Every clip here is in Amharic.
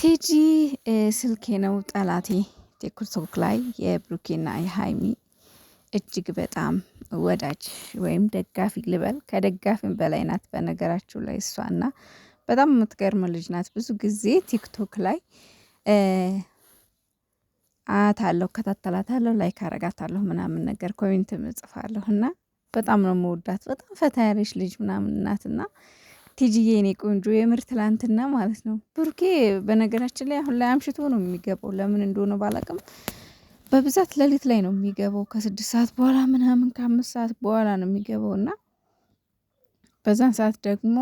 ቴጂ ስልኬ ነው ጠላቴ ቲክቶክ ላይ የብሩኬና የሀይሚ እጅግ በጣም ወዳጅ ወይም ደጋፊ ልበል፣ ከደጋፊም በላይ ናት። በነገራችሁ ላይ እሷና በጣም የምትገርም ልጅ ናት። ብዙ ጊዜ ቲክቶክ ላይ አያታለሁ፣ እከታተላታለሁ፣ ላይክ አረጋታለሁ ምናምን ነገር ኮሜንት እጽፋለሁ እና በጣም ነው መወዳት። በጣም ፈታ ያለች ልጅ ምናምን ናትና ቲጂዬ ቆንጆ የምር ትላንትና ማለት ነው ብሩኬ፣ በነገራችን ላይ አሁን ላይ አምሽቶ ነው የሚገባው። ለምን እንደሆነ ባላቅም በብዛት ሌሊት ላይ ነው የሚገባው፣ ከስድስት ሰዓት በኋላ ምናምን ከአምስት ሰዓት በኋላ ነው የሚገባው እና በዛን ሰዓት ደግሞ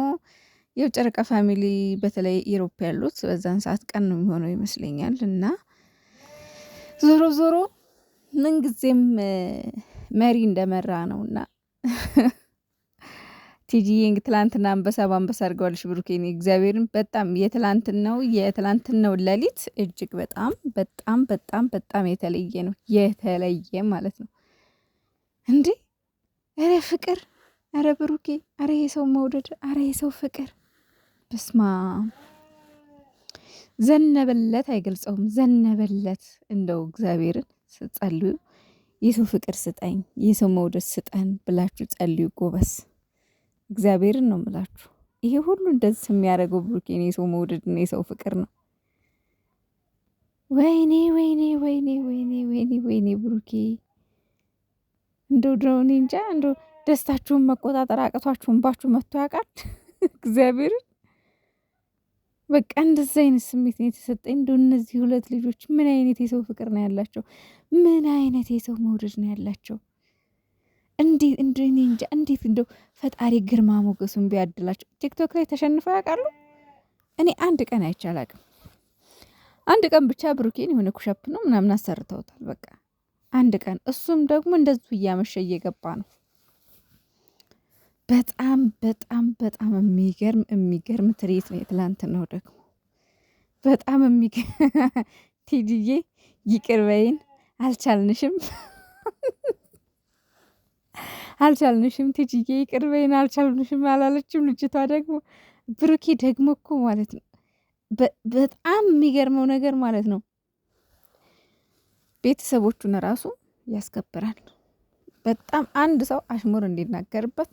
ያው ጨረቃ ፋሚሊ በተለይ ኢሮፕ ያሉት በዛን ሰዓት ቀን ነው የሚሆነው ይመስለኛል። እና ዞሮ ዞሮ ምንጊዜም መሪ እንደመራ ነው እና ቲጂዬ ትላንትና አንበሳ በአንበሳ አድርገዋልሽ ብሩኬን፣ እግዚአብሔርን በጣም የትላንትናው የትላንትናው ሌሊት እጅግ በጣም በጣም በጣም በጣም የተለየ ነው፣ የተለየ ማለት ነው። እንዴ አረ ፍቅር፣ አረ ብሩኬ፣ አረ የሰው መውደድ፣ አረ የሰው ፍቅር፣ በስማ ዘነበለት አይገልጸውም። ዘነበለት እንደው እግዚአብሔርን ስትጸልዩ የሰው ፍቅር ስጠኝ፣ የሰው መውደድ ስጠን ብላችሁ ጸልዩ ጎበስ እግዚአብሔርን ነው የምላችሁ ይሄ ሁሉ ደስ የሚያደርገው ብሩኬን የሰው መውደድና የሰው ፍቅር ነው። ወይኔ ወይኔ ወይኔ ወይኔ ወይኔ ወይኔ ብሩኬ እንደው ድሮኔ እንጃ እንደው ደስታችሁን መቆጣጠር አቅቷችሁን ባችሁ መጥቶ ያውቃል። እግዚአብሔርን በቃ እንደዚህ አይነት ስሜት ነው የተሰጠኝ። እንደ እነዚህ ሁለት ልጆች ምን አይነት የሰው ፍቅር ነው ያላቸው? ምን አይነት የሰው መውደድ ነው ያላቸው? እንዴት እንደው ፈጣሪ ግርማ ሞገሱን ቢያድላቸው። ቲክቶክ ላይ ተሸንፈው ያውቃሉ? እኔ አንድ ቀን አይቼ አንድ ቀን ብቻ ብሩኬን የሆነ ኩሸፕ ነው ምናምን አሰርተውታል። በቃ አንድ ቀን እሱም ደግሞ እንደዚሁ እያመሸ እየገባ ነው። በጣም በጣም በጣም የሚገርም የሚገርም ትርኢት ነው የትላንት ነው። ደግሞ በጣም ቲዲዬ ይቅርበይን አልቻልንሽም። አልቻልንሽም ትጅዬ ይቅር በይን አልቻልንሽም አላለችም። ልጅቷ ደግሞ ብሩኬ ደግሞ እኮ ማለት ነው በጣም የሚገርመው ነገር ማለት ነው ቤተሰቦቹን ራሱ ያስከብራል። በጣም አንድ ሰው አሽሙር እንዲናገርበት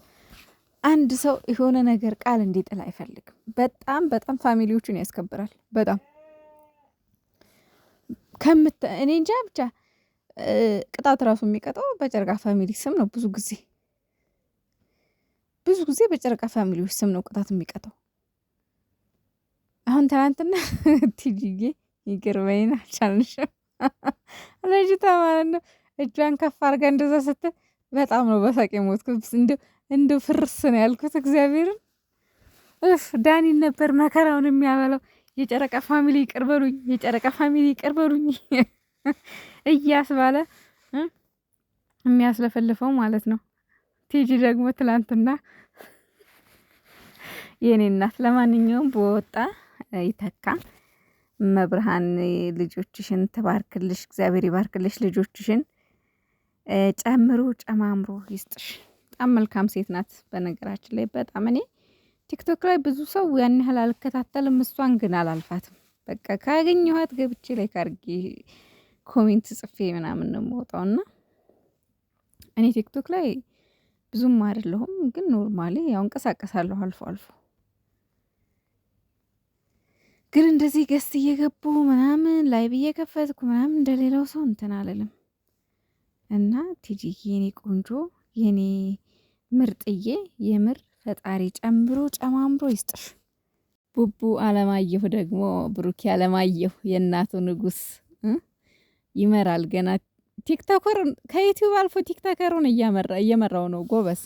አንድ ሰው የሆነ ነገር ቃል እንዲጥል አይፈልግም። በጣም በጣም ፋሚሊዎቹን ያስከብራል። በጣም ከምት እኔ እንጃ ብቻ ቅጣት ራሱ የሚቀጣው በጨረቃ ፋሚሊ ስም ነው። ብዙ ጊዜ ብዙ ጊዜ በጨረቃ ፋሚሊዎች ስም ነው ቅጣት የሚቀጣው። አሁን ትናንትና ቲጂዬ ይገርመኝ አልቻልንሽም ረጅታ ማለት ነው። እጇን ከፍ አድርጋ እንደዛ ስትል በጣም ነው በሳቅ የሞትኩት። እንደው ፍርስ ነው ያልኩት። እግዚአብሔርን እፍ ዳኒን ነበር መከራውን የሚያበላው። የጨረቃ ፋሚሊ ይቅር የጨረቃ ፋሚሊ ይቀርበሉኝ። እያስባለ የሚያስለፈልፈው ማለት ነው። ቲጂ ደግሞ ትላንትና የኔ እናት፣ ለማንኛውም በወጣ ይተካ። መብርሃን ልጆችሽን ትባርክልሽ፣ እግዚአብሔር ይባርክልሽ። ልጆችሽን ጨምሮ ጨማምሮ ይስጥሽ። በጣም መልካም ሴት ናት። በነገራችን ላይ በጣም እኔ ቲክቶክ ላይ ብዙ ሰው ያን ያህል አልከታተልም፣ እሷን ግን አላልፋትም። በቃ ካገኘኋት ገብቼ ላይ ካርጌ ኮሜንት ጽፌ ምናምን ነው የምወጣው እና እኔ ቲክቶክ ላይ ብዙም አይደለሁም፣ ግን ኖርማሊ ያው እንቀሳቀሳለሁ አልፎ አልፎ። ግን እንደዚህ ገስት እየገቡ ምናምን ላይብ እየከፈትኩ ምናምን እንደሌላው ሰው እንትን አልልም እና ቲጂ የኔ ቆንጆ የኔ ምርጥዬ የምር ፈጣሪ ጨምሮ ጨማምሮ ይስጥሽ። ቡቡ አለማየሁ ደግሞ ብሩኬ አለማየሁ የእናቱ ንጉስ ይመራል ገና ቲክቶከር ከዩቲዩብ አልፎ ቲክቶከሩን እየመራው ነው ጎበስ።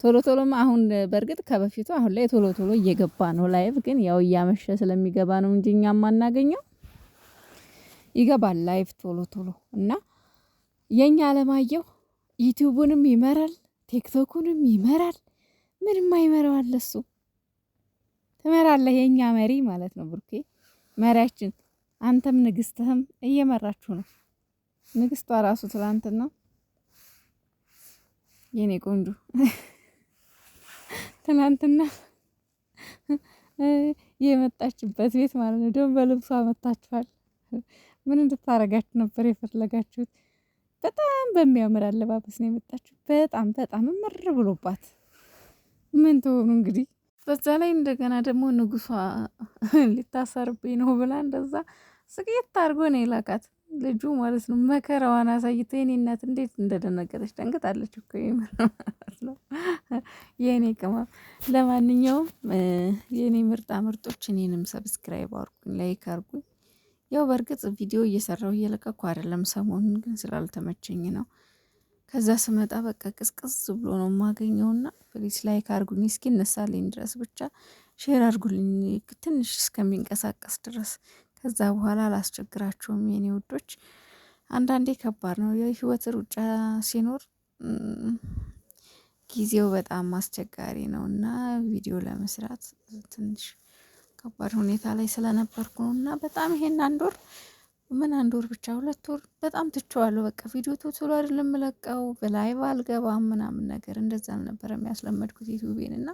ቶሎ ቶሎም አሁን በእርግጥ ከበፊቱ አሁን ላይ ቶሎ ቶሎ እየገባ ነው ላይቭ፣ ግን ያው እያመሸ ስለሚገባ ነው እንጂ እኛ ማናገኘው ይገባል ላይቭ ቶሎ ቶሎ እና የእኛ አለማየሁ ዩቲዩቡንም ይመራል ቲክቶኩንም ይመራል። ምንም አይመራዋል እሱ ትመራለህ። የእኛ መሪ ማለት ነው ብሩኬ፣ መሪያችን አንተም ንግስትህም እየመራችሁ ነው። ንግስቷ ራሱ ትላንትና የኔ ቆንጆ ትናንትና የመጣችበት ቤት ማለት ነው። ደግሞ በልብሷ መታችኋል። ምን እንድታረጋችሁ ነበር የፈለጋችሁት? በጣም በሚያምር አለባበስ ነው የመጣችሁ። በጣም በጣም ምር ብሎባት ምን ትሆኑ እንግዲህ። በዛ ላይ እንደገና ደግሞ ንጉሷ ሊታሰርብኝ ነው ብላ እንደዛ ስቅየት አድርጎ ነው የላካት። ልጁ ማለት ነው መከራዋን አሳይቶ የኔ እናት እንዴት እንደደነገጠች ደንግጣለች እኮ ማለት ነው የእኔ ቅመም። ለማንኛውም የእኔ ምርጣ ምርጦች እኔንም ሰብስክራይብ አርጉኝ፣ ላይክ አርጉኝ። ያው በእርግጥ ቪዲዮ እየሰራው እየለቀኩ አይደለም፣ ሰሞኑን ግን ስላልተመቸኝ ነው። ከዛ ስመጣ በቃ ቅዝቅዝ ብሎ ነው የማገኘውና ፕሊስ ላይክ አርጉኝ። እስኪ እነሳልኝ ድረስ ብቻ ሼር አርጉልኝ ትንሽ እስከሚንቀሳቀስ ድረስ ከዛ በኋላ አላስቸግራችሁም የኔ ውዶች። አንዳንዴ ከባድ ነው የህይወት ሩጫ ሲኖር ጊዜው በጣም አስቸጋሪ ነው እና ቪዲዮ ለመስራት ትንሽ ከባድ ሁኔታ ላይ ስለነበርኩ ነው እና በጣም ይሄን አንድ ወር ምን አንድ ወር ብቻ ሁለት ወር በጣም ትችዋለሁ። በቃ ቪዲዮ ቶሎ አይደለም ለቀው በላይቭ አልገባም ምናምን ነገር እንደዛ አልነበረ የሚያስለመድኩት ዩቲዩቤን እና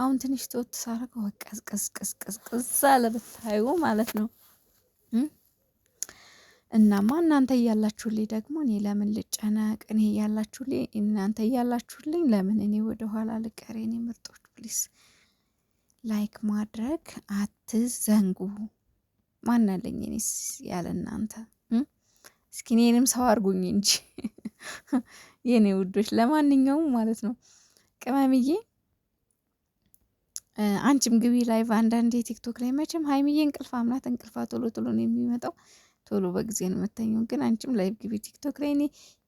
አሁን ትንሽ ተወት ሳረገው በቃ ቅዝቅዝቅዝቅዝ አለ ብታዩ ማለት ነው። እናማ እናንተ እያላችሁልኝ ደግሞ እኔ ለምን ልጨነቅ? እኔ እያላችሁልኝ እናንተ እያላችሁልኝ ለምን እኔ ወደኋላ ልቀር? እኔ ምርጦች ፕሊስ ላይክ ማድረግ አትዘንጉ። ማናለኝ እኔስ ያለ እናንተ። እስኪ እኔንም ሰው አድርጉኝ እንጂ የኔ ውዶች። ለማንኛውም ማለት ነው ቅመምዬ አንቺም ግቢ ላይቭ አንዳንዴ ቲክቶክ ላይ መቼም ሀይሚዬ እንቅልፍ ናት። እንቅልፋ ቶሎ ቶሎ ነው የሚመጣው። ቶሎ በጊዜ ነው የምተኘው። ግን አንቺም ላይቭ ግቢ ቲክቶክ ላይ። እኔ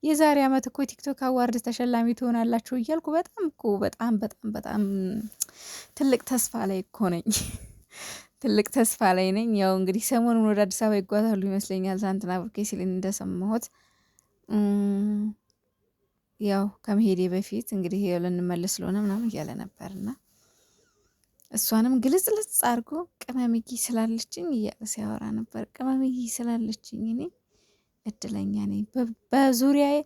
የዛሬ አመት እኮ ቲክቶክ አዋርድ ተሸላሚ ትሆናላችሁ እያልኩ በጣም እኮ በጣም በጣም በጣም ትልቅ ተስፋ ላይ እኮ ነኝ። ትልቅ ተስፋ ላይ ነኝ። ያው እንግዲህ ሰሞኑን ወደ አዲስ አበባ ይጓዛሉ ይመስለኛል። ትናንትና ብርኬ ሲልን እንደሰማሁት ያው ከመሄዴ በፊት እንግዲህ ልንመለስ ስለሆነ ምናምን እያለ ነበርና እሷንም ግልጽልጽ አድርጎ ቅመምጊ ስላለችኝ እያለ ሲያወራ ነበር። ቅመምጊ ስላለችኝ እኔ እድለኛ ነኝ። በዙሪያዬ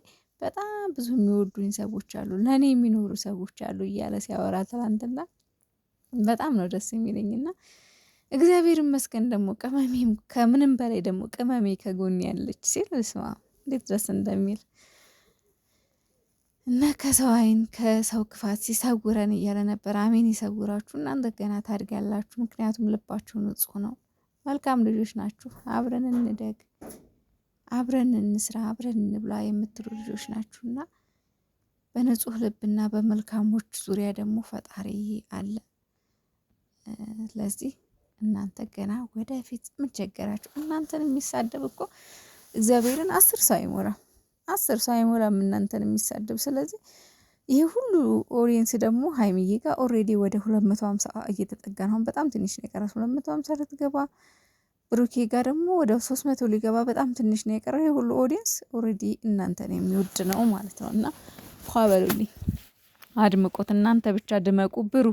በጣም ብዙ የሚወዱኝ ሰዎች አሉ፣ ለእኔ የሚኖሩ ሰዎች አሉ እያለ ሲያወራ ትላንትና በጣም ነው ደስ የሚለኝና እግዚአብሔር ይመስገን ደግሞ ቅመሜ ከምንም በላይ ደግሞ ቅመሜ ከጎን ያለች ሲል ስማ እንዴት ደስ እንደሚል እና ከሰው አይን ከሰው ክፋት ሲሰውረን እያለ ነበር። አሜን ይሰውራችሁ። እናንተ ገና ታድጋላችሁ፣ ምክንያቱም ልባችሁ ንጹህ ነው። መልካም ልጆች ናችሁ። አብረን እንደግ፣ አብረን እንስራ፣ አብረን እንብላ የምትሉ ልጆች ናችሁና በንጹህ ልብና በመልካሞች ዙሪያ ደግሞ ፈጣሪ አለ። ስለዚህ እናንተ ገና ወደፊት ምቸገራችሁ። እናንተን የሚሳደብ እኮ እግዚአብሔርን አስር ሰው አይሞራም። አስር ሰው አይሞላም እናንተን የሚሳደብ። ስለዚህ ይሄ ሁሉ ኦዲየንስ ደግሞ ሀይሚዬ ጋር ኦሬዲ ወደ ሁለት መቶ ሀምሳ እየተጠጋ ነው። በጣም ትንሽ ነው የቀራት ሁለት መቶ ሀምሳ ልትገባ። ብሩኬ ጋር ደግሞ ወደ ሶስት መቶ ሊገባ በጣም ትንሽ ነው የቀረው። ይሄ ሁሉ ኦዲየንስ ኦሬዲ እናንተን የሚወድ ነው ማለት ነው። እና ኳበሉልኝ፣ አድምቆት እናንተ ብቻ ድመቁ ብሩ